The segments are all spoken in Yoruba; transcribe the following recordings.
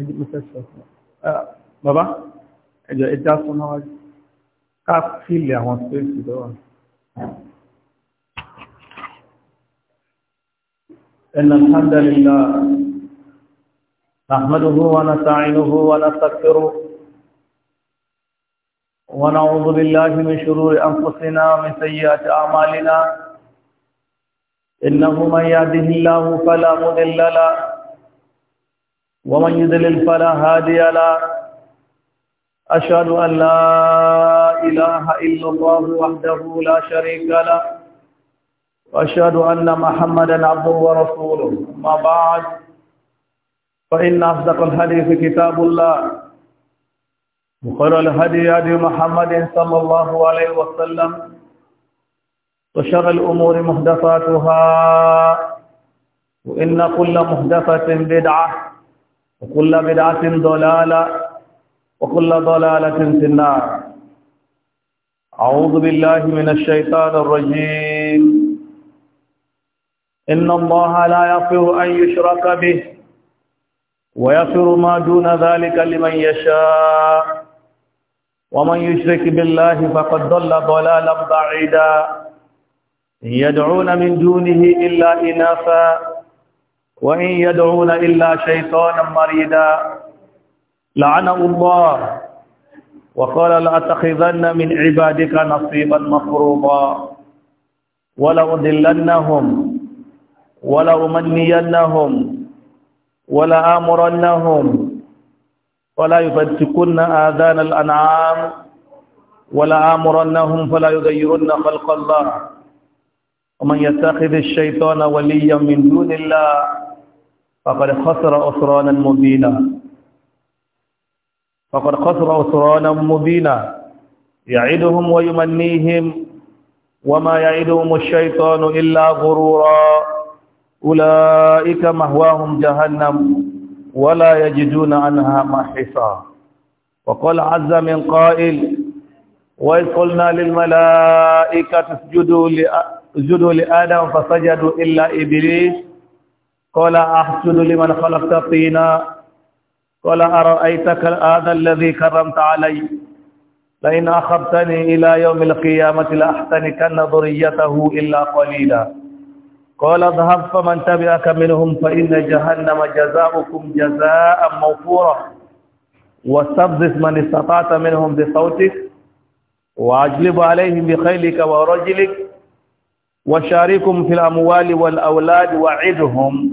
اجيب آه، بابا إن الحمد لله نحمده ونستعينه ونستغفره ونعوذ بالله من شرور أنفسنا ومن سيئات أعمالنا إنه من يهده الله فلا مضل له ومن يدلل فلا هادي لا أشهد أن لا إله إلا الله وحده لا شريك له وأشهد أن محمدا عبده ورسوله أما بعد فإن أصدق الحديث كتاب الله وخير الهدي هدي محمد صلى الله عليه وسلم وشر الأمور محدثاتها وإن كل محدثة بدعة وكل بدعة ضلالة وكل ضلالة في النار أعوذ بالله من الشيطان الرجيم إن الله لا يغفر أن يشرك به ويغفر ما دون ذلك لمن يشاء ومن يشرك بالله فقد ضل ضلالا بعيدا يدعون من دونه إلا إناثا وإن يدعون إلا شيطانا مريدا لعنه الله وقال لأتخذن من عبادك نصيبا مفروضا ولأضلنهم ولأمنينهم ولآمرنهم ولا يفتكن آذان الأنعام ولا آمرنهم فلا يغيرن خلق الله ومن يتخذ الشيطان وليا من دون الله فقد خسر أسرانا مبينا فقد خسر أسرانا مبينا يعدهم ويمنيهم وما يعدهم الشيطان إلا غرورا أولئك مهواهم جهنم ولا يجدون عنها محصا وقال عز من قائل وإذ قلنا للملائكة اسجدوا لآدم فسجدوا إلا إبليس قال أحسد لمن خلقت طينا قال أرأيتك هذا الذي كرمت علي لئن أخذتني إلى يوم القيامة لأحتنكن ذريته إلا قليلا قال اذهب فمن تبعك منهم فإن جهنم جزاؤكم جزاء موفورا واستبذف من استطعت منهم بصوتك وأجلب عليهم بخيلك ورجلك وشاركهم في الأموال والأولاد وعدهم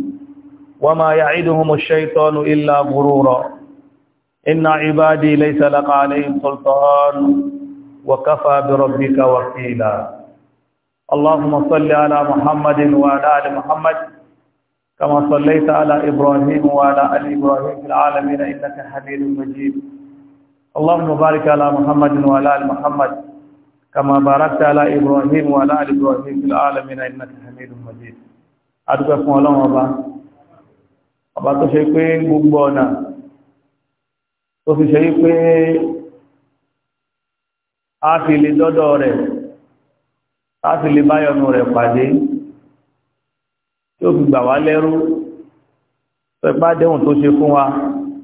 وما يعيدهم الشيطان إلا غرورا إن عبادي ليس لك عليهم سلطان وكفى بربك وكيلا اللهم صل على محمد وعلى آل محمد كما صليت على إبراهيم وعلى آل إبراهيم في العالمين إنك حميد مجيد اللهم بارك على محمد وعلى آل محمد كما باركت على إبراهيم وعلى آل إبراهيم في العالمين إنك حميد مجيد أدعوكم الله ọba tó ṣe pé gbogbo ọ̀nà tó fi ṣe pé a fi lè dọ́dọ̀ rẹ̀ a fi lè báyọnu rẹ̀ pàdé tí ó fi gbà wá lẹ́rú pẹ̀pá tó ṣe fún wa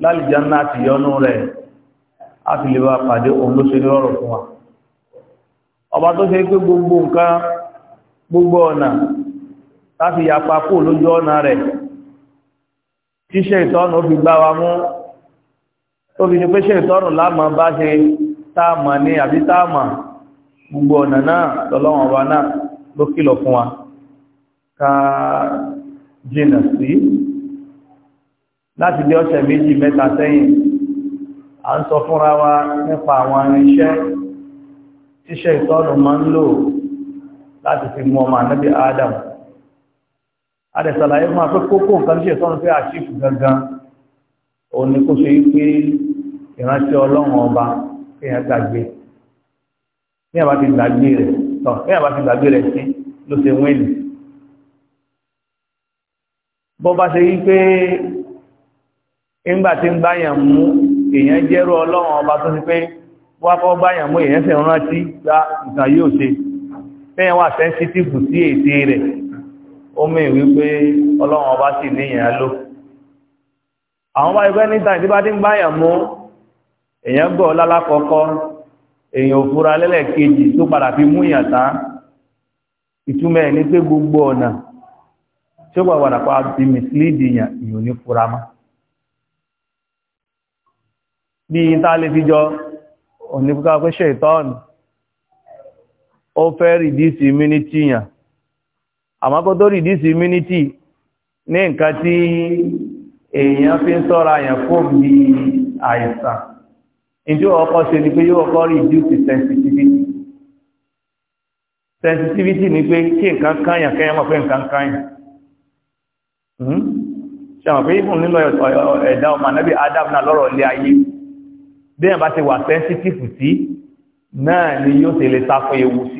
lálìjánnà àti yọnú rẹ̀ a fi lè wá pàdé òun ló ṣe fún wa ọba tó ṣe pé gbogbo nǹkan gbogbo ọ̀nà láti yapa kó lójú ọ̀nà rẹ̀ tí ṣètọ́nù fi gbá wa mú tó fi ní pé ṣètọ́nù láàmà bá ṣe táàmà ní àbí táàmà gbogbo ọ̀nà náà lọ́lọ́wọ̀n wa náà ló kìlọ̀ fún wa ká jìnà sí láti dé ọ̀sẹ̀ méjì mẹ́ta sẹ́yìn a ń sọ fúnra wa nípa àwọn irinṣẹ́ tíṣẹ́ ìtọ́nù máa ń lò láti fi mú ọmọ ànábì Adam adẹ̀sàlàyé máa pé kókó nǹkan tí ìsọ́nù pé àṣìkò gangan òun ni kó ṣe yí pé ìránṣẹ́ ọlọ́run ọba kéèyàn gbàgbé kéèyàn bá ti gbàgbé rẹ̀ tán kéèyàn bá ti gbàgbé rẹ̀ sí ló ṣe wíìlì bó bá ṣe yí pé ńgbà tí ń báyàn mú èèyàn jẹ́rú ọlọ́run ọba tó ti pé wá fọ́ báyàn mú èèyàn sì rántí gba ah, nǹkan yóò ṣe bẹ́ẹ̀ wà sẹ́ńsítìfù sí ète rẹ̀ ó mì wípé ọlọ́run ọba sì ní èèyàn lò àwọn bá ìgbẹ́ níta ìdíbá tí ń gbáyàn mú èèyàn gbọ́ lálákọ́kọ́ èèyàn òfúra lẹ́lẹ́kejì tó padà fi mú èèyàn tán ìtumọ̀ ní pé gbogbo ọ̀nà tí ó gbàgbàdà pa bí misleading èèyàn ìyò ní fura mọ́ bí i ta lè fi jọ òní fúkà pé ṣe ìtọ́ọ̀nù ó fẹ́ rìdíìsì immunity yàn àmọ́ kó tó reduce immunity ní nǹkan tí èèyàn fi ń sọ́ra yẹn fún bí àìsàn ìdí ọkọ̀ ṣe ni pé yóò kọ́ reduce sensitivity sensitivity ni pé kí nǹkan káyàn kẹ́yàn mọ̀ pé nǹkan káyàn hmm? ṣàmọ̀ pé ìfún nínú ẹ̀dá ọmọ anábì Adam náà lọ́rọ̀ ilé ayé bí ẹ̀ ti wà sensitive sí náà ni yóò ṣe lè sá ewu sí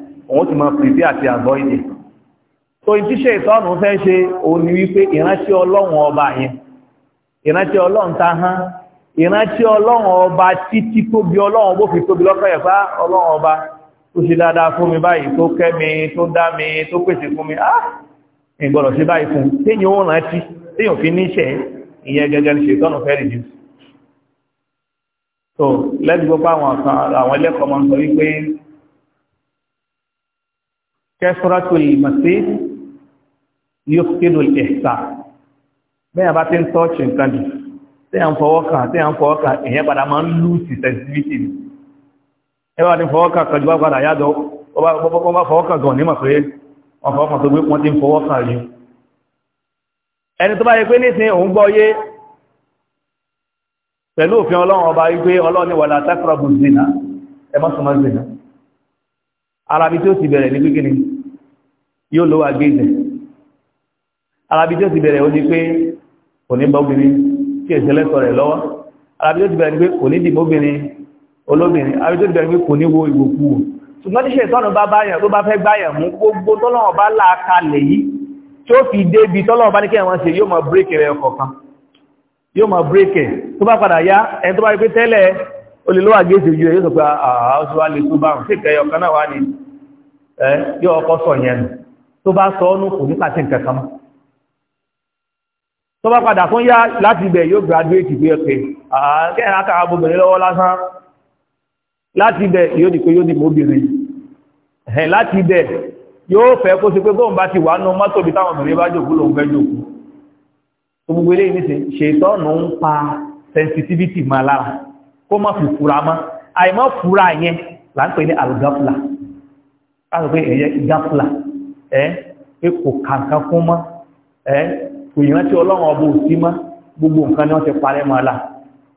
òun ti máa pèsè àti àbọ̀ ìdè so ìtíṣẹ́ ìtọ́nù fẹ́ ṣe òun ni wípé ìrántí ọlọ́run ọba yẹn ìrántí ọlọ́run ta hán ìrántí ọlọ́run ọba títí tóbi ọlọ́run bó fi tóbi lọ́kọ̀ yẹ̀ fá ah, ọlọ́run ọba tó ṣe dáadáa fún mi báyìí tó kẹ́ mi tó dá mi tó pèsè fún mi ah ìgbọ̀rọ̀ sí báyìí fún téèyàn ó rántí téèyàn fi níṣẹ́ ìyẹn gẹ́gẹ́ ní ṣètọ́nù fẹ́ rìdí so lẹ́gbẹ̀ẹ́ pé àwọn ẹlẹ́kọ̀ọ́ máa ń sọ wípé kẹsọ́rọ́tò ìmọ̀sí yóò kéde ìhsà bẹ́ẹ̀ bá ti ń tọ́ọ̀ṣì nǹkan jù tí a ń fọwọ́ kàn tí a ń fọwọ́ kàn èyàn padà máa ń lùsì sensitivity ni ẹ bá ti fọwọ́ kàn kan jù bá padà yádọ wọ́n bá fọwọ́ kàn gan nímọ̀ pé wọ́n fọwọ́ kàn tó gbé wọ́n ti ń fọwọ́ kàn rí ẹni tó bá yẹ pé nísìn òun ara bí tí ó ti bẹ̀rẹ̀ ní pínpín yóò lówà gbéjẹ̀ alábi tí ó ti bẹ̀rẹ̀ ó ní pé kò ní bọ́bìnrin tí ìṣẹ́lẹ́sọ̀ rẹ̀ lọ́wọ́ alábi tí ó ti bẹ̀rẹ̀ pé kò ní dìbòbìnrin olóbìnrin alábi tí ó ti bẹ̀rẹ̀ pé kò ní wo ìwòkú ṣùgbọ́n tíṣẹ́ ìtọ́nù bá báyàn tó bá fẹ́ gbáyàn mú gbogbo tọ́lọ́wọ́ bá láàkalẹ̀ yìí tí ó fi débi tọ́lọ́wọ́ bá ní kí ẹ̀wọ̀n ṣe yóò máa bírèkì rẹ̀ ọkọ̀ọ̀kan yóò máa bírèkì tó gẹ́ẹ̀sì ojú rẹ̀ yóò sọ ah, ah, lè tó bá rùn sí ìkẹyọ̀kan náà wá ní yóò ọkọ̀ sọ̀yẹn tó bá sọ ọ́nù kò ní pàṣẹ nǹkan kan mọ́ tó bá padà fún yá láti ibẹ̀ yóò graduate bí ọ̀pẹ̀ àkẹ́yìn akára obìnrin lọ́wọ́ lásán láti ibẹ̀ yóò di pé yóò di mọ́bìnrin ẹ̀ láti ibẹ̀ yóò fẹ́ kó sí pé bóun bá ti wà nù mọ́tò bí táwọn obìnrin bá jòkú lòun fẹ́ jòkú tó gbogbo eléyìí ní ṣètọ́nù ń pa sensitivity máa lára kó má fi fura mọ́ àìmọ́ fura yẹn là ń pè ní algafla láti pé ẹ̀yẹ gafla ẹ́ kò kàǹkan fún mọ́ ẹ́ kò ìrántí ọlọ́run ọba òsí mọ́ gbogbo nǹkan ni wọ́n ti parẹ́ mọ́ la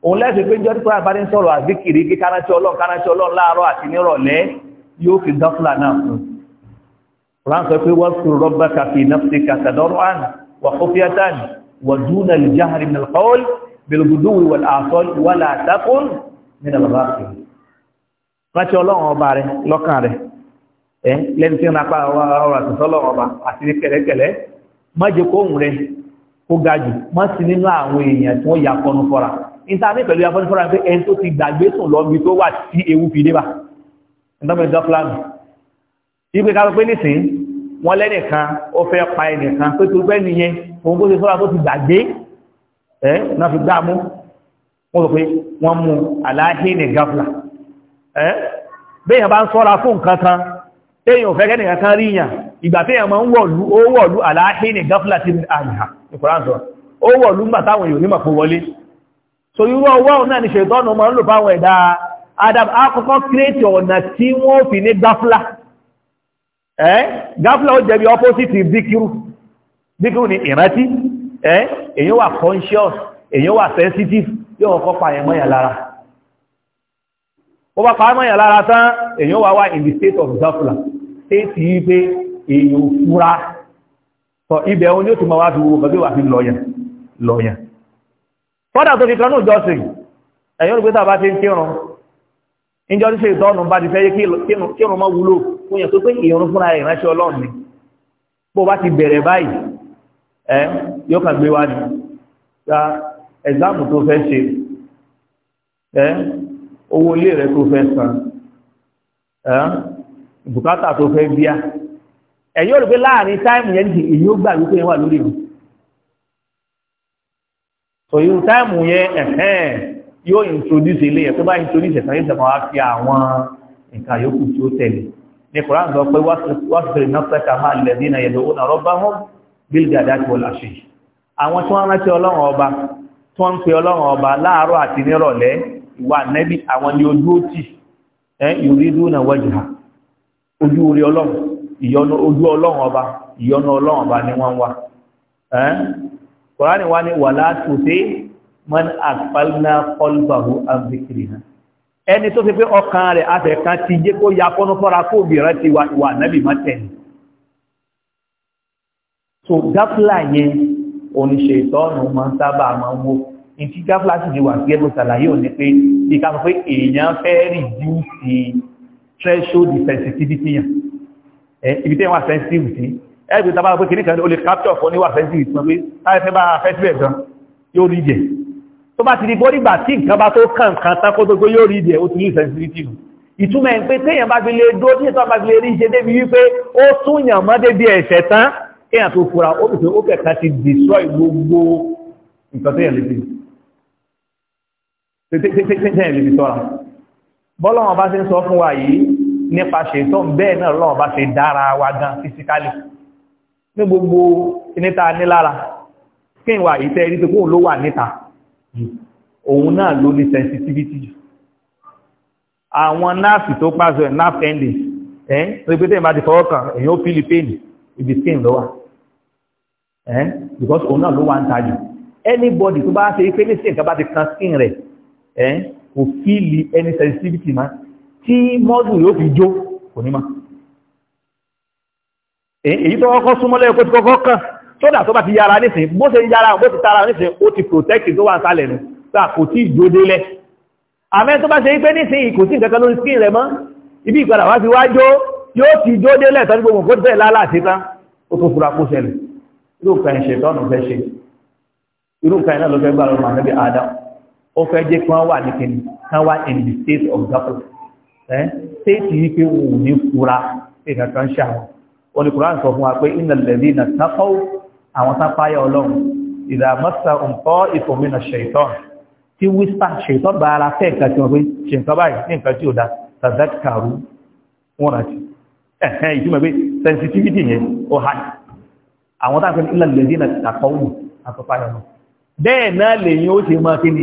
òun lẹ́sẹ̀ pé jọ́dí pé àbádé ń sọ̀rọ̀ àzíkiri kí kárántí ọlọ́run kárántí ọlọ́run láàárọ̀ àti nírọ̀lẹ́ yóò fi gáfúlà náà fún ránṣẹ́ pé wọ́n fi rọ́bà kàfi náfẹ́ kàtàdọ́rọ̀ àná ẹ́ lẹ́ni tí ó napá ọ̀rọ̀ àtìsọ́lọ̀ ọba àti ní kẹ̀lẹ́kẹ̀lẹ́ má jẹ́ kó òun rẹ̀ kó ga jù má sí nínú àwọn èèyàn tí wọ́n ya kọnu fọ́ra níta ní pẹ̀lú afọ́nú fọ́ra pé ẹni tó ti gbàgbé sùn lọ bí tó wà tí ewu fi dé bá ẹ̀dọ́mẹ̀dọ́ fúlàmù ìgbé ká ló pé nísìn wọ́n lẹ́nìkan ó fẹ́ pa ẹnìkan pé tó gbẹ́ nìyẹn òun kó ṣe fọ́ra tó ti gbàgbé ẹ̀ téèyàn ò fẹ́ kẹ́nìyàn kan rí yàn ìgbà téèyàn máa ń wọ̀lú ó wọ̀lú aláhí ní gáfílà tí àyà ìkùránṣọ ó wọ̀lú nígbà táwọn èèyàn onímọ̀ kó wọlé so irú ọwọ́ náà ni ṣètọ́nù máa ń lò fáwọn ẹ̀dá adam akọ́kọ́ kírétì ọ̀nà tí wọ́n fi ní gáfílà ẹ́ gáfílà ó jẹ́ bí opposite bíkírù bíkírù ni ìrántí ẹ́ èyàn wà conscious èyàn wà sensitive yóò kọ́ pààyàn mọ́yàn lára ó bá pààyàn mọ́yàn lára tán èyàn wà wà in the state of gáfílà tẹ́ẹ̀tì yí pé èèyàn fúra tọ ibẹ̀ òun ni ó tún máa wá fi wo bàbí wà fi lọ́yàn lọ́yàn fọ́dà tó fi kanú ìjọsìn ẹ̀yọ́ ìgbésà bá ti ń kírun ìjọ ṣe ìtọ́nù bá ti fẹ́ yé kírun mọ́ wúlò fún yẹn tó pé ìrun fúnra ìránṣẹ́ ọlọ́run ni bó bá ti bẹ̀rẹ̀ báyìí ẹ yóò kàn gbé wá ní ya ẹ̀záàmù tó fẹ́ ṣe ẹ owó ilé rẹ tó fẹ́ san ẹ bùkátà tó fẹ́ bíá ẹ̀yìn olùgbé láàrin táìmù yẹn ní èyí ó gbà wípé wà lórí mi so irú táìmù yẹn ẹ̀hẹ́n yóò introduce ilé ẹ̀ tó bá introduce ẹ̀sán yóò sẹ̀kọ́ wá fi àwọn nǹkan yòókù tí ó tẹ̀lé ní koran sọ pé wàásùfẹ̀rẹ̀ náà fẹ́ ká máa lẹ̀dí náà yẹ̀dọ̀ òun àrọ́ bá wọn bíl gàdá ti wọlá ṣe àwọn tí wọ́n rántí ọlọ́run ọba tí wọ́n ń pe ọlọ́run ọba láàárọ̀ àti nírọ̀lẹ́ ìwà nẹ́bí àwọn ni ojú ó tì ẹ́ ìrídùn náà wọ́jù hàn ojú orí ọlọ́run ìyọnu ojú ọlọ́run ọba ìyọnu ọlọ́run ọba ni wọ́n wá kọ́ránì wá ní wà látòté mọ́n àpálná kọlbàhù àbíkìrì náà ẹni tó ti pé ọkàn rẹ̀ afẹ́kan ti jẹ́ kó ya fọ́nú fọ́ra kó obìnrin ti wà nábì má tẹ̀lé so gáfúlà yẹn oníṣe ìtọ́nù máa ń sábà máa ń wó ní tí gáfúlà sì ti wà gẹ́gbẹ́ sàlàyé òní pé bí èèyàn fẹ́ rìdíùsì threshold sensitivity yàn ibi tẹ́ wà sensitive sí ẹgbẹ́ tàbá pé kìníkà ó lè capture fún níwà sensitive tí wọ́n pé táyẹ̀fẹ́ bá fẹ́sílẹ̀ gan yóò rí jẹ tó bá ti di bọ́ nígbà tí nǹkan bá tó kàn kan tán kó tó gbé yóò rí jẹ ó ti ní sensitivity ìtumọ̀ ẹ̀ pé téèyàn bá fi lè dó tí ètò bá fi lè rí ṣe débi wípé ó tún yàn mọ́ débi ẹ̀ṣẹ̀ tán kéèyàn tó fura ó pèsè ó kẹ̀kẹ́ ti destroy gbogbo nǹkan téèyàn lè fi sọ́ra bọ́lọ́wọ́n bá ṣe ń sọ fún wa yìí nípa ṣètọ́ bẹ́ẹ̀ náà lọ́wọ́n bá ṣe dára wa gan fisikálì ní gbogbo níta nílára kí n wà ìtẹ́ rí tó kóhùn ló wà níta òun náà ló ní sensitivity jù àwọn nerve tó pàṣẹ nerve endings ẹ́ rẹpẹtẹ́ ìbá ti fọwọ́ kan èyí ó feel pain ibi skin ló wà ẹ́ because òun náà ló wà ń ta anybody tó bá ṣe pé ní skin kan bá ti kan skin rẹ̀ ẹ́ kò fíìlì ẹni sensitivity ma tí mọ́dù yóò fi jó kò ní ma èyí tó kọ́kọ́ súnmọ́lẹ́ ẹ̀kọ́ ti kọ́kọ́ kàn tó dà tó bá ti yára nísìn bó ṣe yára bó ti tara nísìn ó ti protect tó wà sálẹ̀ nù tá kò tí ìjó délẹ̀ àmẹ́ tó bá ṣe pé nísìn kò sí nǹkan kan lórí skin rẹ̀ mọ́ ibi ìpadà wá fi wá jó yóò ti jó délẹ̀ tọ́jú gbogbo kó ti fẹ́ lálà àti tán ó tó fura kó ṣẹlẹ̀ irú nǹkan ìṣètọ́nù fẹ́ ṣe irú nǹkan iná ló fẹ́ gbà lọ́rùn àti ó fẹ́ jẹ́ kí wọ́n wà ní kíni kí wọ́n wà in the state of gaffer ẹ́ state yìí pé wò ní fura ìgbà kan ṣe àwọn olùkùnrin sọ fún wa pé iná lẹ́bí na tápọ́ àwọn tápáyà ọlọ́run ìdá mọ́sá nǹkọ́ ìfòmínà ṣètọ́n tí wíṣà ṣètọ́n bá ara fẹ́ nǹkan tí wọ́n pé ṣe nǹkan báyìí ní nǹkan tí ò dá tazakaru wọn rántí ẹ̀hẹ́ ìtumọ̀ pé sensitivity yẹn ó hàn àwọn tápáyà ọlọ́run ìlànà lẹ́bí na tápọ́ wù àtọ́páyà ọlọ́run bẹ́ẹ̀ náà lèyìn ó ṣe máa kí ni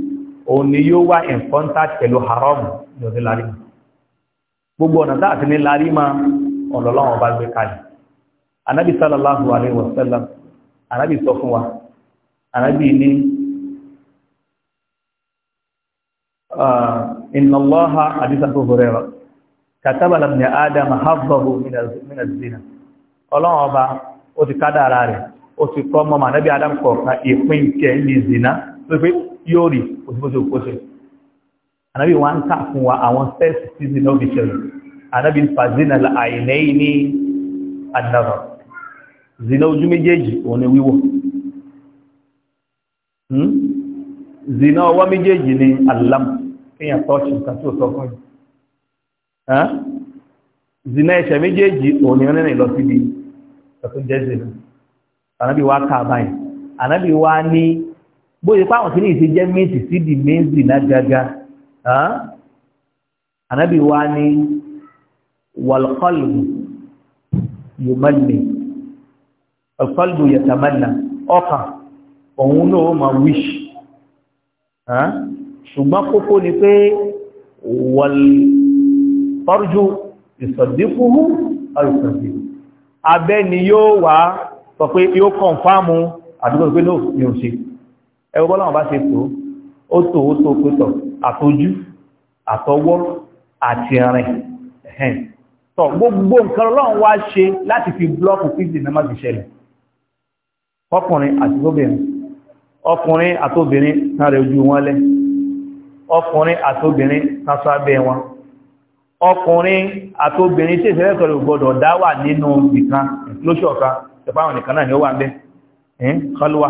òun ni yóò wá in contact pẹ̀lú haram ní òní lárímà gbogbo ọ̀nà tá àti ní lárímà ọ̀lọ́lọ́wọ́n bá gbé kalẹ̀ anábì sallallahu alayhi wa sallam anábì sọ fún wa anábì ní ah, inna allaha hadith abu hurairah kataba lamni adam habbahu min az-zina ọlọ́wọ́n ọba ó ti kádàrá rẹ̀ ó ti kọ́ mọ́ mànábì adam kọ̀ọ̀kan ìpín kẹ́ ní zina pé yóò rí òsìbòsì òkóṣe anábì wọ́n ń tà fún wa àwọn sẹ́ẹ̀sì títí náà fi ṣẹlẹ̀ anábì fàzínà àìlẹ́yìn ní àdínàrà zina ojú méjèèjì òun ni wíwò hmm? zina ọwọ́ méjèèjì ni alam kíyàn tọ́ọ̀ṣì nǹkan tí ó sọ fún yìí zina ẹ̀ṣẹ̀ méjèèjì òun ni rìnrìn lọ síbi ọ̀tún jẹ́ zina anábì wá ká báyìí anábì wá ní bóyá páwọn kìíní ìṣe jẹ́ méjì sí di méjì náà gágá ànábì wa ní wàlúkọlù yomani wàlúkọlù yẹtàmánà ọkàn òun náà ó máa wíṣ ṣùgbọ́n kókó ni pé wàlúkọlù ìsọ̀dínkùhù ọ̀rùsọ̀dínkù abẹ́ ni yóò wá sọ pé yóò kọ̀ǹfàmù àdúgbò pé náà ni ò ṣe ẹwọ bọ́láwọn bá ṣe tó ó tó ó tó pẹ́tọ̀ àtọjú àtọwọ́ àti rìn ẹ̀hẹ́n tọ̀ gbogbo nǹkan ọlọ́run wá ṣe láti fi blọ́ọ̀kù fíìsì náà má ti ṣẹlẹ̀ ọkùnrin àti obìnrin ọkùnrin àtobìnrin tán rẹ̀ ojú wọn lẹ́ ọkùnrin àtobìnrin tán sọ abẹ́ wọn ọkùnrin àtobìnrin tí ìṣẹ́lẹ̀ tọ̀rẹ̀ ògbọ́dọ̀ dá wà nínú ìkan lóṣọ̀ọ̀kan tẹ̀fáwọn nìkan náà ni ó wà ń bẹ́ ẹ̀ kọlùwà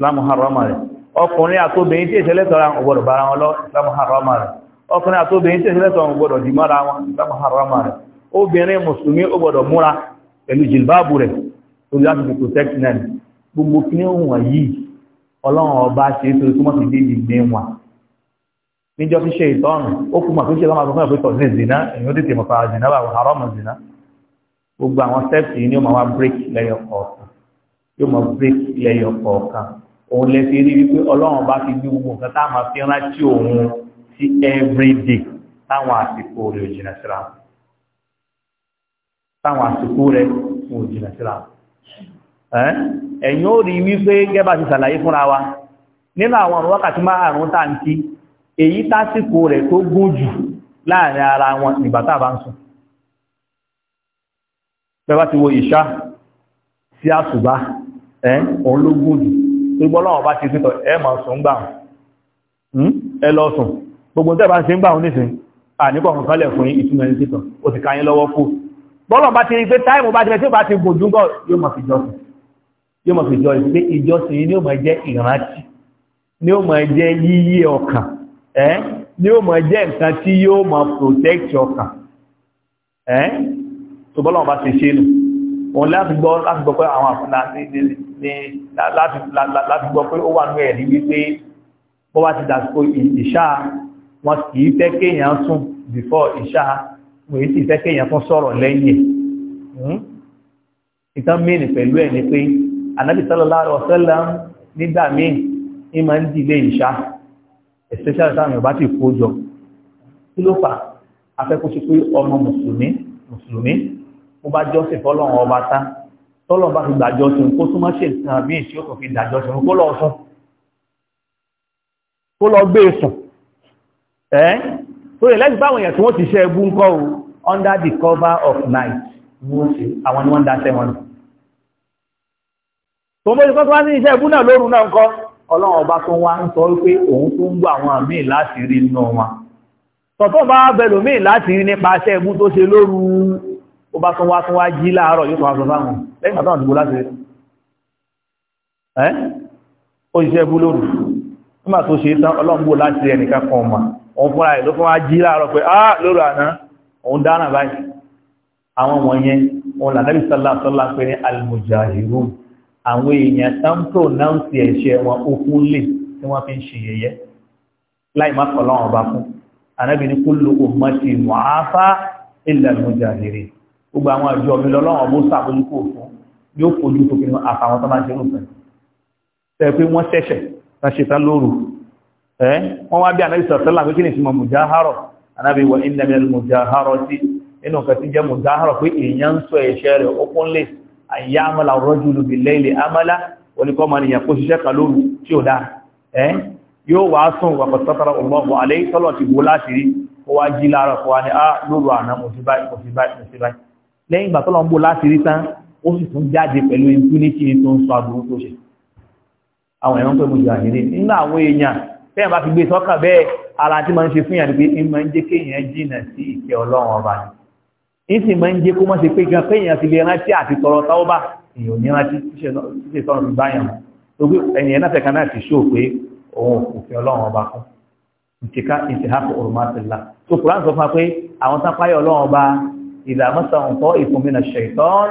islamu harama rẹ̀ ọkùnrin àtóbìnrin tí ìṣẹ́lẹ́tọ̀ra wọn gbọdọ̀ bára wọn lọ islamu harama rẹ̀ ọkùnrin àtóbìnrin tí ìṣẹ́lẹ́tọ̀ra wọn gbọdọ̀ dìmọ́ra wọn islamu harama rẹ̀ obìnrin mùsùlùmí ó gbọdọ̀ múra pẹ̀lú jìlbáàbù rẹ̀ tó láti fi protect náà gbogbo kí ní òun wọ̀nyí ọlọ́run ọba ṣe é torí túmọ̀ sí dédì ní wọn níjọ́ fi ṣe ìtọ́nù ó kú mà tó ṣe lọ́mọ àtọ́fẹ́ ìpẹ́tọ̀ ní zina èyí ó tètè mọ̀ fara zina wá break lẹ́yọ kọ̀ọ̀kan òun lè fi rí wípé ọlọ́run bá fi ní gbogbo nǹkan si a máa fi rántí òun sí everyday táwọn àsìkò rẹ̀ ò síra táwọn ẹ̀yìn ó rí wípé gẹ́bà ti fúnra wa nínú àwọn ọ̀rọ̀ wákàtí márùn ta tá ń kí èyí tásìkò rẹ̀ tó gùn jù láàrin ara wọn nígbà tá bá ń gbogbo ọlọ́wọ́ bá ti sítọ̀ ẹ mọ̀ sùn gbà hmm? ẹ lọ sùn gbogbo tẹ́ bá ṣe ń gbà wọn nísìn àníkọ̀ kan kọ́lẹ̀ fún ìtumọ̀ ní sítọ̀ ó ti káyín lọ́wọ́ kú bọ́lọ̀ bá ti rí pé táìmù bá ti rẹ̀ tí ó bá ti gùn jù gọ́ yóò mọ̀ fi jọ́sìn yóò mọ̀ fi jọ́sìn pé ìjọsìn ni ó mọ̀ jẹ́ ìrántí ni ó wọn láti gbọ́ láti gbọ́ pé àwọn àfúnà láti gbọ́ pé ó wà ní ẹ̀rí wípé bọ́ bá ti dàsìkò ìṣá wọn kìí fẹ́ kéèyàn sùn before ìṣá wọ́n sì fẹ́ kéèyàn tún sọ̀rọ̀ lẹ́yìn hmm? ìtàn mìíràn pẹ̀lú ẹ̀ ni pé Ànábì sallallahu alaihi wasallam nígbà míì ní máa ń dìlé ìṣá especially táwọn Yorùbá ti kó jọ kí ló fà afẹ́kọ́ṣe pé ọmọ ó bá jọ́sìn fọ́lọ́run ọba tá tọ́lọ́run bá fi gbàjọ́ sí kó túnmọ́ ṣe nǹkan míì tí ó kò fi dàjọ́ sí kó lọ sùn kó lọ gbé e sùn ẹ́ tó lè lẹ́gbẹ́ àwọn èèyàn tí wọ́n ti ṣe ẹgbú ń kọ́ o under the cover of night àwọn ni wọ́n dáṣẹ́ wọn tó mọ́ ìpọ́tọ́ wá ní iṣẹ́ ẹgbú náà lóru náà kọ́ ọlọ́run ọba tó wá ń sọ wípé òun tó ń gbọ́ àwọn míì láti rí nípa iṣẹ́ tó ṣe lóru ó bá tún wá tún wá jí láàárọ̀ yóò tún wá sọ fáwọn lẹ́yìn àtàwọn àdúgbò láti rẹ̀ ẹ́ ó ṣiṣẹ́ bú lóòrù nígbà tó ṣe tán ọlọ́gbò láti rẹ̀ nìkan kan ọmọ òun fúnra rẹ̀ ló fún wá jí láàárọ̀ pé á lóòrù àná òun dáná báyìí àwọn ọmọ yẹn òun làdábì sọlá sọlá gbogbo àwọn àjọ mi lọ́lọ́wọ́ bó sàbójúkò fún yóò fojú tó kínú àtàwọn tó máa ń ṣerú pẹ̀lú tẹ́ pé wọ́n ṣẹ̀ṣẹ̀ tàṣetá lóru ẹ́ wọ́n wá bí anábì sọ̀tọ́lá pé kí ni ìsinmi mùjáhárọ̀ anábì wọ ìnàmì mùjáhárọ̀ sí inú nǹkan tí jẹ́ mùjáhárọ̀ pé èèyàn ń sọ ẹ̀ṣẹ̀ rẹ̀ ókún lè àyàmọ́lá rọ́jùlù bí lẹ́lẹ̀ amálá oníkọ́mọ nìyàn kó ṣiṣẹ́ kan lóru tí ò lẹ́yìn ìgbà tó lọ ń bò láti rí tán ó sì tún jáde pẹ̀lú impunity tó ń sọ aburú tó ṣe àwọn èèyàn pé mo jù àdírí nínú àwọn èèyàn tẹ́yàn bá fi gbé sọ́kàn bẹ́ẹ̀ ara tí máa ń ṣe fún yàn pé ń máa ń jẹ́ kéèyàn jìnà sí ìfẹ́ ọlọ́run ọba ní sì máa ń jẹ́ kó má ṣe pé gan kéèyàn ti lè rántí àti tọrọ táwọ́ bá èèyàn ní rántí ṣíṣe tọrọ fi báyàn mọ́ gbogbo ẹ̀yìn náà fẹ̀kan náà ti ṣó pé òun kò fẹ́ ọlọ́run ọba kún ìtìká ìtìhá kò òrùmọ́ àtìlá so kùrán sọ fún wa pé àwọn tápáyọ̀ ọlọ́run ọba ìlàmọ́sàn tọ́ ìfúnmínà ṣẹ̀tọ́n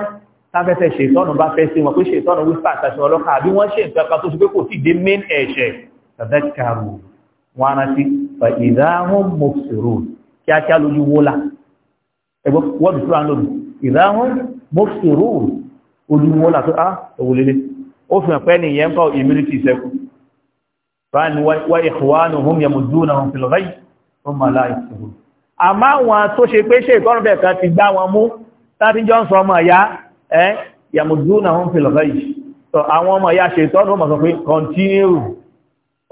tábẹ́tẹ̀ ṣẹ̀tọ́nù bá fẹ́ sí wọn pé ṣẹ̀tọ́nù wípà àtàṣẹ ọlọ́kà àbí wọ́n ṣe ìtọ́ka tó ṣe pé kò sí dé main ẹ̀ṣẹ̀ tàbẹ́kàrù wọn rántí fa ìdáhùn mọ́fìrò kíákíá lójú wọ́lá ẹgbọ́ wọ́dù tó rán lónìí ìdáhùn mọ́fìrò ojú wọ́lá tó á ẹwò lélẹ̀ ó fi hàn pé ní àmá wọn tó ṣe pé ṣe ìkọ́rùn bẹ̀ kan ti gbá wọn mú tàbí jọ ń sọ ọmọ ìyá ẹ́ yàmùdú náà ń fi lọ́gá yìí tọ àwọn ọmọ ìyá ṣe ìtọ́nù ọmọ sọ pé continue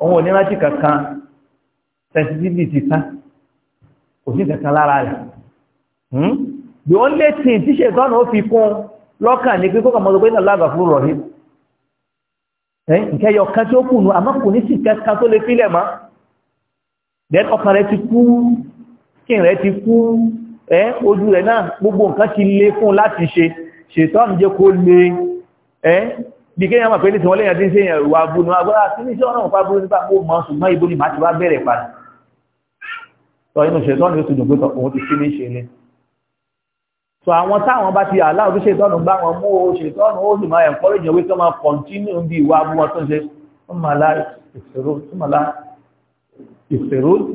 ohun onírántí kankan sensitivity tán kò sí kankan hmm? the only thing tí ṣe ìtọ́nù ó fi kún lọ́kàn ní pé kókà mọ́ sọ pé nàlá àgbà fún rọ̀hí nkẹyọ kan tí ó kùnú then ọkàn rẹ̀ ti kú kí rẹ̀ ti kú ẹ́ ojú rẹ̀ náà gbogbo nǹkan ti lé fún láti ṣe ṣètọ́nù jẹ́ kó lè ẹ́ bí kéèyàn mọ̀ pé ní tiwọn léèyàn tí ń ṣe èèyàn ìwà abúnú agbára tí ní iṣẹ́ ọ̀nà òpá burú nípa kó mọ̀ ṣùgbọ́n ibo ni màá ti wá bẹ̀rẹ̀ padà sọ inú ṣètọ́nù yóò ti dùn pé òun ti sí ní ṣe ni so àwọn táwọn bá ti àláwọ̀ tó ṣètọ́nù bá wọn mú o ṣètọ́nù ó sì máa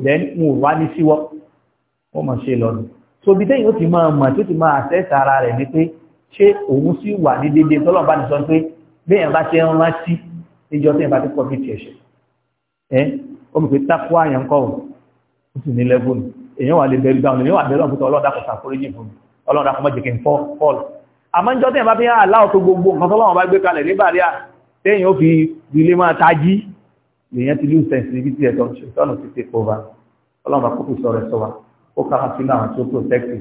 then mo wá ní síwọ́ wọ́n mọ̀ ṣe lọ́nà so bí tẹ́yìn ó ti máa mọ̀ tí ó ti máa àṣẹ́sà ara rẹ̀ ni pé ṣé òun sì wà ní déédéé tọ́lọ́n bá ti sọ pé béèyàn bá ṣe ń rántí níjọ tẹ́yìn bá ti kọ́ fi tiẹ̀ ṣe ẹ ó mọ̀ pé tákó àyàn kọ́ ò ó sì ní lẹ́gùn èèyàn wà lè bẹ̀rù dáhùn èèyàn wà bẹ̀rù ọ̀hún tó ọlọ́ọ̀dà kò sàforíjì fún mi ọlọ́ọ̀dà kò mọ̀jẹ̀ kí n fọ́ọ̀lù àmọ́ níjọ tẹ́yìn bá fi hàn aláwọ̀ tó gbogbo nǹkan tọ́lọ́wọ́n bá gbé kalẹ̀ níbàrí à tẹ́yìn ó fi ilé máa tají èèyàn ti lose sensitivity ẹ̀tọ́ ṣètọ́nù ti take over ọlọ́run bá kókò sọ̀rọ̀ ẹ̀ sọ ó kà á sínú àwọn tí ó protẹ́kì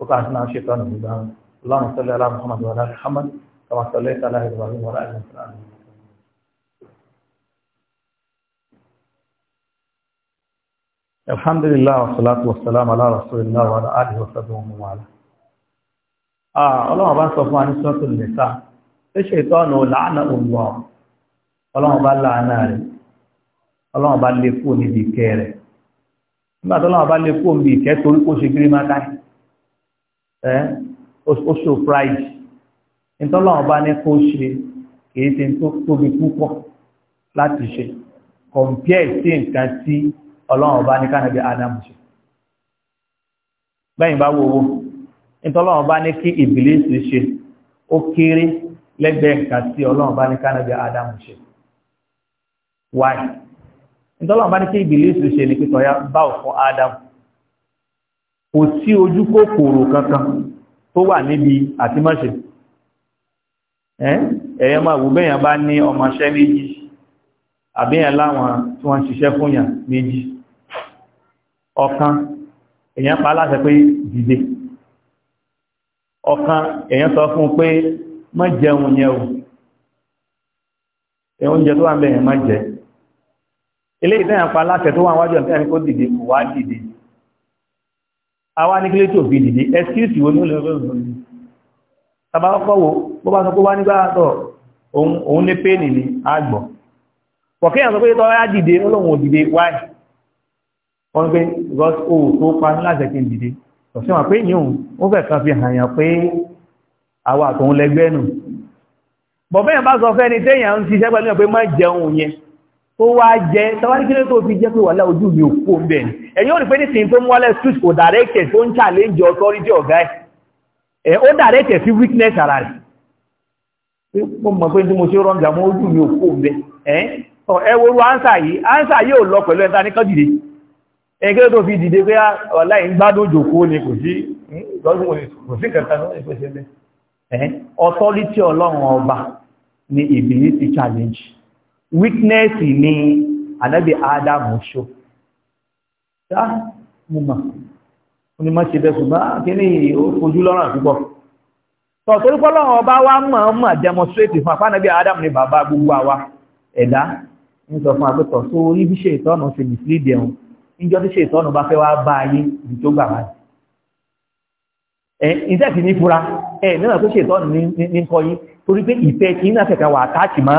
ó kà á sínú àwọn ṣètò ọ̀nà nígbà wọn ọlọ́run sọlẹ̀ aláàmú muhammadu wa aláàmú hamad kàmá sọlẹ̀ sálà ìwà ìwà ìwà ìwà alhamdulillah wa salatu wa salam ala rasulillah wa ala alihi wa sahbihi wa wala ah ọlọ́run bá sọ fún wa ní sọ́tò nìta ṣé ṣètò ọ̀nà làánà òun ọlọ́run bá làánà rẹ̀ ọlọ́run bá lè kú níbi ìkẹ́ nígbàtọ́lọ́wọ́ bá lè kó ń bí ìkẹ́ torí kó ṣe gírí máa dáì ẹ́ ó ṣò pride nítọ́lọ́wọ́ bá ní kó ṣe kìí ṣe tó tóbi púpọ̀ láti ṣe compare sí nǹkan tí ọlọ́wọ́ bá ní kánàbí adam ṣe lẹ́yìn bá wowó nítọ́lọ́wọ́ bá ní kí ìbílísì ṣe ó kéré lẹ́gbẹ̀ẹ́ nǹkan tí ọlọ́wọ́ bá ní kánàbí adam ṣe why ìtọ́lọ̀ bá ní kí ìbìlísù ṣe ní pípọ̀ ya bá ọ̀fọ́ Adam kò sí ojú kòkòrò kankan tó wà níbi àti mọ́ṣe ẹ̀yẹ máa wù bẹ́yàn bá ní ọmọṣẹ́ méjì àbíyàn láwọn tí wọ́n ṣiṣẹ́ fúnyàn méjì ọ̀kan èyàn pa láṣẹ pé dìde ọ̀kan èyàn sọ fún pé má jẹun yẹn ilé ìtẹ́yà pa aláṣẹ tó wà wájú ọ̀tẹ́yà kó dìde kò wá dìde àwa ní kílé tó fi dìde excuse wo ní olè olóòrùn ní tàbá ọkọ̀ wo bó bá sọ pé wá nígbà tọ̀ òun ní pé nìní àgbọ̀ pọ̀kíyàn sọ pé tọ́ ya dìde olóhun òdìde wáì wọ́n pé because o tó pa ní láṣẹ kí n dìde ọ̀sẹ̀ wọn pé yíò ó fẹ́ kan fi hàn yàn pé àwa àtòun lẹgbẹ́ nù bọ̀bẹ́yàn bá sọ fẹ́ni téèyàn ń ṣiṣẹ́ pẹ̀lú ẹ̀ pé má jẹun yẹn ó wá jẹ́ tàbáríkílé tó fi jẹ́ pé wà láojú mi ò kó bẹ̀ ní ẹ̀yìn ò rí pé ní sin tó mú wálẹ̀ switch kò directed tó ń challenge authority ọ̀gá ẹ̀ ó directed sí weakness ara rẹ̀ mo mọ̀ pé tí mo ṣe rọ́njà mọ́ ojú mi ò kó bẹ̀ ẹ woru ánsà yìí ánsà yìí ò lọ pẹ̀lú ẹ̀ta ní kan dìde ẹ̀yìn kílé tó fi dìde pé ọ̀la ẹ̀ ń gbádùn jòkó ni kò sí kò sí ní ìpèsè bẹ́ẹ̀ authority ọlọ́run ọba challenge weakness ni ànábì ádámù ṣó ṣá mo mọ̀ ó ní ṣe bẹ́ẹ̀ ṣùgbọ́n ah, kíní ọba wa mọ̀ demonstrate ni bàbá gbogbo àwa ẹ̀dá ń fún àpẹtọ̀ tó orí bí ṣe ìtọ́nà ṣe mislead ẹ̀hún níjọ́ bá bá fura wà ma.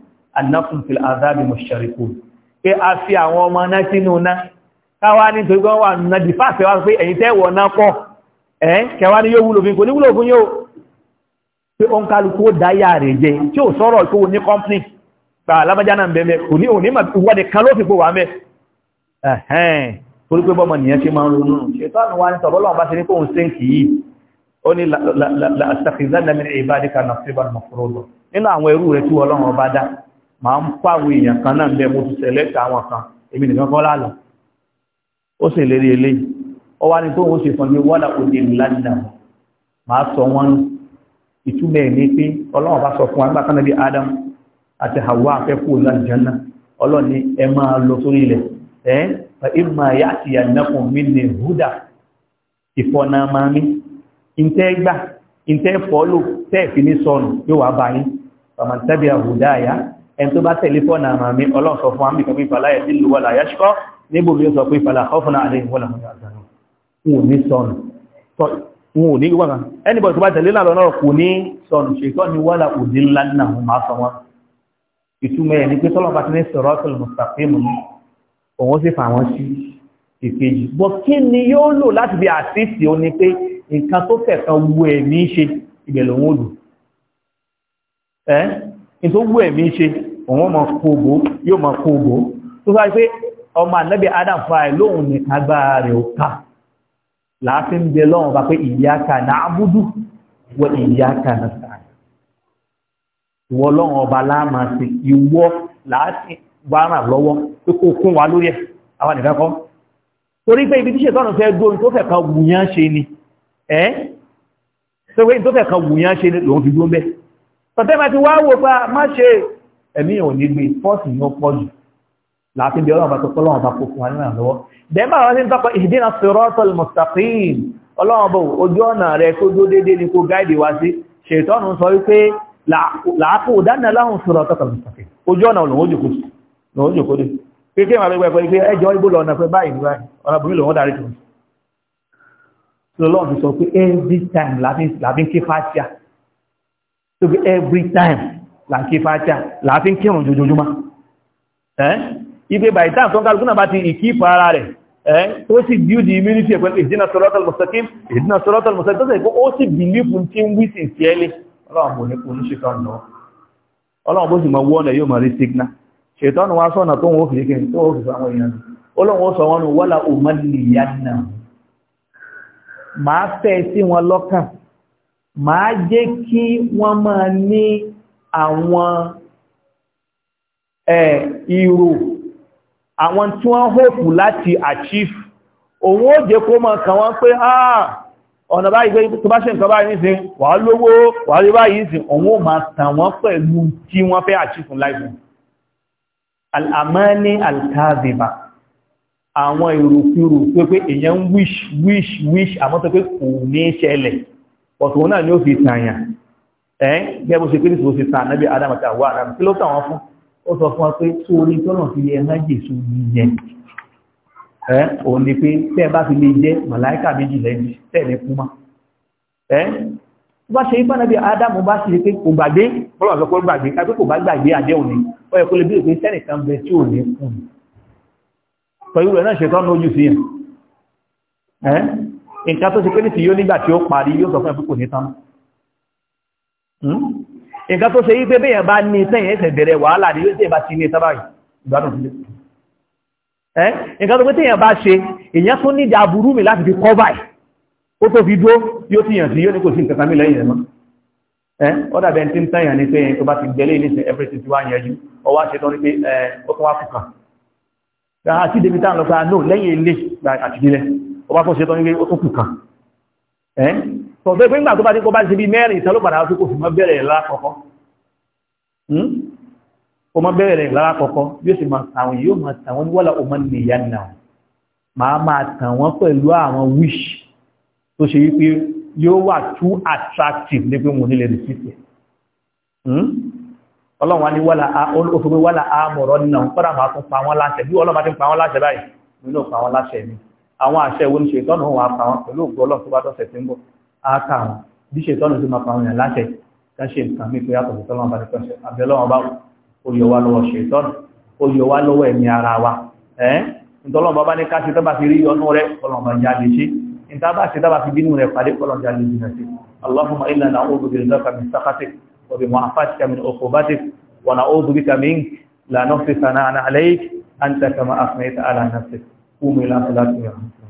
annafun fil azabi mushariku pé a fi àwọn ọmọ náà sínú náà káwá ní torí wọ́n wà náà di fàṣẹ wá pé ẹ̀yin tẹ́wọ̀ náà pọ̀ ẹ́ kẹwàá ní yóò wúlò fún kò ní wúlò fún yóò pé ó ń kálukú dáyà rẹ̀ jẹ tí ó sọ̀rọ̀ kó ní kọ́mpní pa alábájá náà bẹ̀mẹ̀ kò ní òní ìwọ́de kan ló fi pò wà mẹ́ ẹ̀hẹ́n torí pé bọ́mọ nìyẹn ṣe máa ń ronú ṣètọ́nù wa ní sọ̀bọ́lọ́wọ́n bá ṣe ní kóhun sẹ́ǹkì yìí ó ní làṣàkìzánà min ibadika nasiban mafruḍa nínú àwọn ẹrú rẹ̀ tí Ọlọ́run ọba dá ma ń pàwọn èèyàn kan náà bẹ mo ti select àwọn kan èmi nìkan kọ́ lálọ́ ó sì lérí eléyìí ó wá ní tó ń ṣe fún mi wọ́n làkò ní ìlànà máa sọ wọn ìtumẹ̀ ní pé ọlọ́run bá sọ fún wa nígbà kan bí Adam àti Hawa akẹ́kọ̀ọ́ lálùjánná ọlọ́run ni ẹ máa lọ sórí ilẹ̀ ẹ́ ìmọ̀ ayé àti ìyànnẹ́kùn mi ní húdà ìfọ̀nà máa mi ìtẹ́ gbà ìtẹ́ fọ́lò tẹ́ẹ̀fì ní sọnù yóò wá báyìí ẹn tó bá tẹ̀lé fọ́nà àmà mi ọlọ́run sọ fún àmì kan pé ìfàlàyé tí lù wọ́lá yáṣkọ́ níbo bí ó sọ pé ìfàlà ọ̀fúnà àlẹ́ ìwọ́lá wọn ní sọnù wọn ò ní wọ́n kan anybody tó bá tẹ̀lé lálọ́ náà kò ní sọnù ṣètọ́ ni wọ́lá òdí ńlá nínú àwọn máa sọ wọn ìtumọ̀ ẹ̀ ni pé tọ́lọ́ bá ti ní sọ̀rọ̀ ọ̀sẹ̀ mùsàfíìmù ni òun sì fà wọ́n sí ìkejì bọ́ kí ni yóò lò láti bí àṣìṣì ó ní pé nǹkan tó fẹ̀kan wu ẹ̀mí ṣe ìbẹ̀lẹ̀ òun ò lò tó wú ẹ̀mí ṣe òun ma kóògbó yóò ma kóògbó tó sáré pé ọmọ ànábì adam fàáì lóhun nìkan agbára rẹ̀ ó ká láàfin bẹ lọ́wọ́n bá pé iyyaka na'budu wa iyyaka nasta'in ìwọ lọ́wọ́n ọba láàmà sí ìwọ láti wàrà lọ́wọ́ pé kó kún wa lórí ẹ̀ àwọn nìkan kọ́ torí pé ibi tí ṣètọ́nù fẹ́ gbóhun tó fẹ́ kan wùyán ṣe ni ẹ́ tó fẹ́ kan wùyán ṣe ni lòun fi gbóhun bẹ́ẹ̀ tọ́tẹ́mà ti wá wò pa má ṣe ẹ̀mí ò ní gbé fọ́ọ̀sì ní ó pọ̀ jù láti bí ọlọ́run bá tó kọ́ lọ́wọ́ bá kó fún wa nínú àlọ́wọ́ dẹ́gbà wọn ti ń tọ́pọ̀ ihdina ní báyìí ọ̀nà bùnmí sọ pé every time làbí ń kí fásíà tó gbé every time láti fàájá láti ń kírùn jòjòjúmá ẹ́ ibé by time tó ń kálùkù náà bá ti ìkípa ara rẹ̀ ẹ́ tó sì build immunity pẹ̀lú ìdínà sọ́rọ́tàl mustaqim ìdínà sọ́rọ́tàl mustaqim tó sì kó ó sì believe tí ń wí sí ìfẹ́lẹ́ ọlọ́run bó ní kò ní ṣètọ́ ọ̀nà ọlọ́run bó sì mọ wọ́n ẹ̀ yóò mọ̀ rí signal ṣètọ́ ọ̀nà wá sọ́nà tó ń wò fi kí tó ń wò fi fáwọn èèyàn ọlọ́run ó sọ wọn wọ́lá òmàlìyàn náà máa fẹ́ máa jẹ́ kí wọ́n máa ní àwọn ẹ̀ ìrò àwọn tí wọ́n hope láti achieve òun ó jẹ́ kó mọ̀ kàn wọ́n pé ah ọ̀nà báyìí pé tó bá ṣe nǹkan báyìí nísìn wà á lówó wà á rí báyìí nísìn òun ó máa tàn wọ́n pẹ̀lú tí wọ́n fẹ́ achieve life al-amani al-kadhiba àwọn ìròkúrò pé pé èèyàn wish wish wish àmọ́ tó pé kò ní ṣẹlẹ̀ ọ̀tún náà ni ó fi tààyàn ẹ́n gẹ́ bó ṣe pé nítorí ṣe tàn nábì adam àti àwọn àrà kí ló tàn wọ́n fún ó sọ fún wa pé tó orí tọ́nà fi yẹ ẹ̀ná jésù yíyẹ ẹ́ òun ni pé tẹ́ ẹ bá fi lè jẹ́ màláìkà méjì lẹ́yìn tẹ́ ẹ̀ ní kú mọ́ ẹ́ tó bá ṣe ipá nábì adam bá ṣe pé kò gbàgbé bọ́lá sọ pé ó gbàgbé ká pé kò bá gbàgbé àjẹ́ òní nǹkan tó ṣe pé nìtì yóò nígbà tí ó parí yóò sọ fún ẹ̀fún kò ní tán hmm? nǹkan tó ṣe yí pé bẹ́yàn bá ní tẹ́yìn ẹ̀sẹ̀ bẹ̀rẹ̀ wàhálà ní yóò tẹ́yìn bá ti ní sábà ìgbádùn sílé nǹkan tó pé tẹ́yìn bá ṣe èyàn tún nídìí aburú mi láti fi kọ́bà ẹ̀ ó tó fi dúró yóò ti yàn sí yóò ní kò sí nǹkan mi lẹ́yìn rẹ̀ mọ́ ó dàbẹ̀ tí ń tẹ́yàn ní pé tó bá ti gbẹ́lé ọba tó ṣe tán ní ó kù kan ẹ́ tọ̀tọ̀ ìpín ìgbà tó bá ti kó bá ti bí mẹ́rin ìtẹ́lò padà tó kò fi mọ́ bẹ̀rẹ̀ lákọ̀ọ́kọ́ hmm? ó mọ́ bẹ̀rẹ̀ lákọ̀ọ́kọ́ yóò sì máa tàwọn yóò máa tàwọn ní wọ́lá ọmọ nìyàn náà máa máa tàwọn pẹ̀lú àwọn wish tó ṣe wípé yóò wà too attractive ní pé wọn nílẹ̀ rìsípẹ̀ ọlọ́run wa ní wọ́lá òfin wọ́lá àmọ̀rọ̀ náà kọ́dà máa tún bí ọlọ́run bá ti ń pa báyìí nínú pa wọ́n láṣẹ àwọn àṣẹ ìwé oníṣe ìtọ́nù wọn apá wọn pẹ̀lú ògbó ọlọ́run tó bá tọ́sẹ̀ tí ń bọ̀ áta wọn bí ṣe ìtọ́nù tó máa pa wọn yàn láṣẹ ká ṣe nǹkan mí pé yàtọ̀ tó lọ́wọ́ bá ti pẹ́ṣẹ̀ àbẹ̀lọ́wọ́ bá ó yọ wá lọ́wọ́ ṣe ìtọ́nù ó yọ wá lọ́wọ́ ẹ̀mí ara wa ẹ́ ntọ́lọ́wọ́ bá bá ní ká من سخطك وبمعافاتك من لا نحصي ثناء عليك أنت كما أثنيت على نفسك قوموا إلى صلاتكم